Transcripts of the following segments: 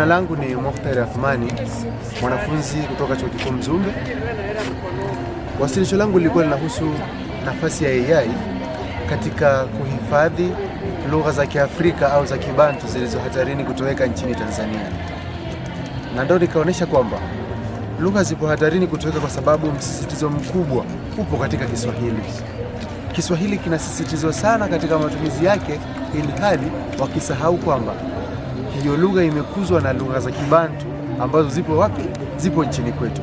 Jina langu ni Mukhtar Athmani, mwanafunzi kutoka Chuo Kikuu Mzumbe. Wasilisho langu lilikuwa linahusu nafasi ya AI katika kuhifadhi lugha za Kiafrika au za Kibantu zilizo hatarini kutoweka nchini Tanzania, na ndio nikaonyesha kwamba lugha zipo hatarini kutoweka kwa sababu msisitizo mkubwa upo katika Kiswahili. Kiswahili kinasisitizwa sana katika matumizi yake, ili hali wakisahau kwamba ndio lugha imekuzwa na lugha za Kibantu ambazo zipo wapi? Zipo nchini kwetu.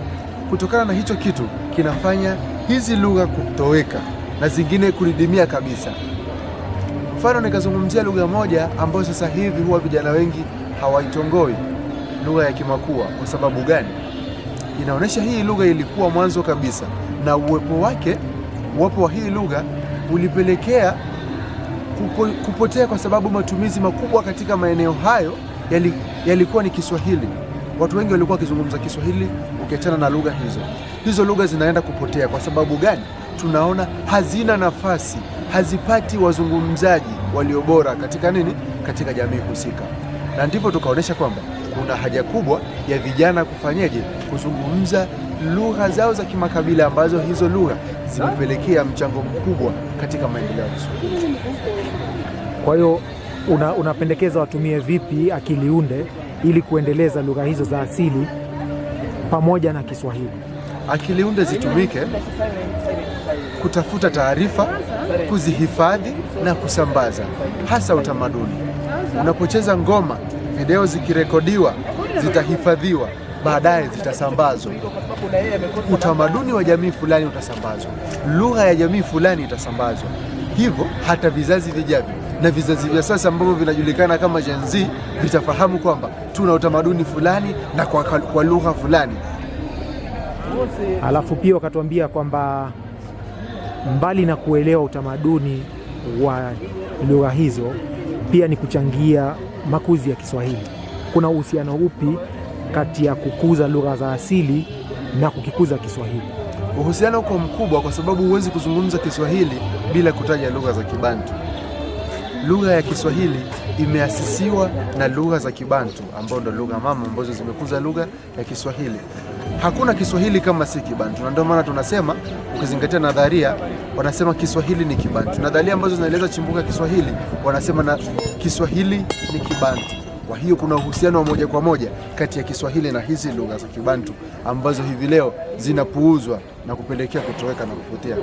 Kutokana na hicho kitu kinafanya hizi lugha kutoweka na zingine kudidimia kabisa. Mfano, nikazungumzia lugha moja ambayo sasa hivi huwa vijana wengi hawaitongoi, lugha ya Kimakua. Kwa sababu gani? Inaonyesha hii lugha ilikuwa mwanzo kabisa, na uwepo wake, uwepo wa hii lugha ulipelekea kupotea kwa sababu matumizi makubwa katika maeneo hayo yali, yalikuwa ni Kiswahili. Watu wengi walikuwa wakizungumza Kiswahili, ukiachana na lugha hizo. Hizo lugha zinaenda kupotea kwa sababu gani? Tunaona hazina nafasi, hazipati wazungumzaji waliobora katika nini, katika jamii husika, na ndivyo tukaonyesha kwamba kuna haja kubwa ya vijana kufanyeje, kuzungumza lugha zao za kimakabila ambazo hizo lugha zimepelekea mchango mkubwa katika maendeleo ya Kiswahili. Kwa hiyo una, unapendekeza watumie vipi akili unde ili kuendeleza lugha hizo za asili pamoja na Kiswahili? Akili unde zitumike kutafuta taarifa, kuzihifadhi na kusambaza, hasa utamaduni. Unapocheza ngoma, video zikirekodiwa, zitahifadhiwa baadaye zitasambazwa. Utamaduni wa jamii fulani utasambazwa, lugha ya jamii fulani itasambazwa hivyo hata vizazi vijavyo na vizazi vya sasa ambavyo vinajulikana kama Gen Z vitafahamu kwamba tuna utamaduni fulani na kwa, kwa lugha fulani. Alafu pia wakatuambia kwamba mbali na kuelewa utamaduni wa lugha hizo, pia ni kuchangia makuzi ya Kiswahili. Kuna uhusiano upi kati ya kukuza lugha za asili na kukikuza Kiswahili? Uhusiano uko mkubwa kwa sababu huwezi kuzungumza Kiswahili bila kutaja lugha za Kibantu. Lugha ya Kiswahili imeasisiwa na lugha za Kibantu ambayo ndo lugha mama ambazo zimekuza lugha ya Kiswahili. Hakuna Kiswahili kama si Kibantu, na ndio maana tunasema, ukizingatia nadharia, wanasema Kiswahili ni Kibantu. Nadharia ambazo zinaeleza chimbuko ya Kiswahili wanasema na Kiswahili ni Kibantu. Kwa hiyo kuna uhusiano wa moja kwa moja kati ya Kiswahili na hizi lugha za Kibantu ambazo hivi leo zinapuuzwa na kupelekea kutoweka na kupotea.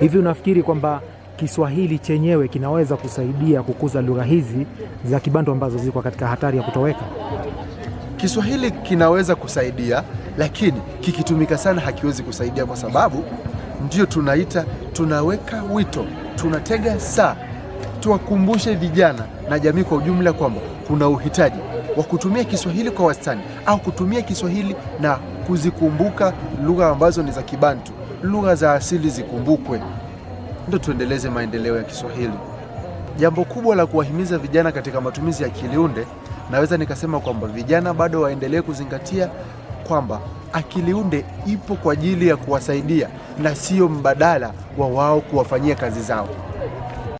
Hivi unafikiri kwamba Kiswahili chenyewe kinaweza kusaidia kukuza lugha hizi za Kibantu ambazo ziko katika hatari ya kutoweka? Kiswahili kinaweza kusaidia, lakini kikitumika sana hakiwezi kusaidia, kwa sababu ndio tunaita tunaweka wito, tunatega saa tuwakumbushe vijana na jamii kwa ujumla kwamba kuna uhitaji wa kutumia Kiswahili kwa wastani au kutumia Kiswahili na kuzikumbuka lugha ambazo ni za Kibantu, lugha za asili zikumbukwe, ndio tuendeleze maendeleo ya Kiswahili. Jambo kubwa la kuwahimiza vijana katika matumizi ya kiliunde, naweza nikasema kwamba vijana bado waendelee kuzingatia kwamba akiliunde ipo kwa ajili ya kuwasaidia na sio mbadala wa wao kuwafanyia kazi zao.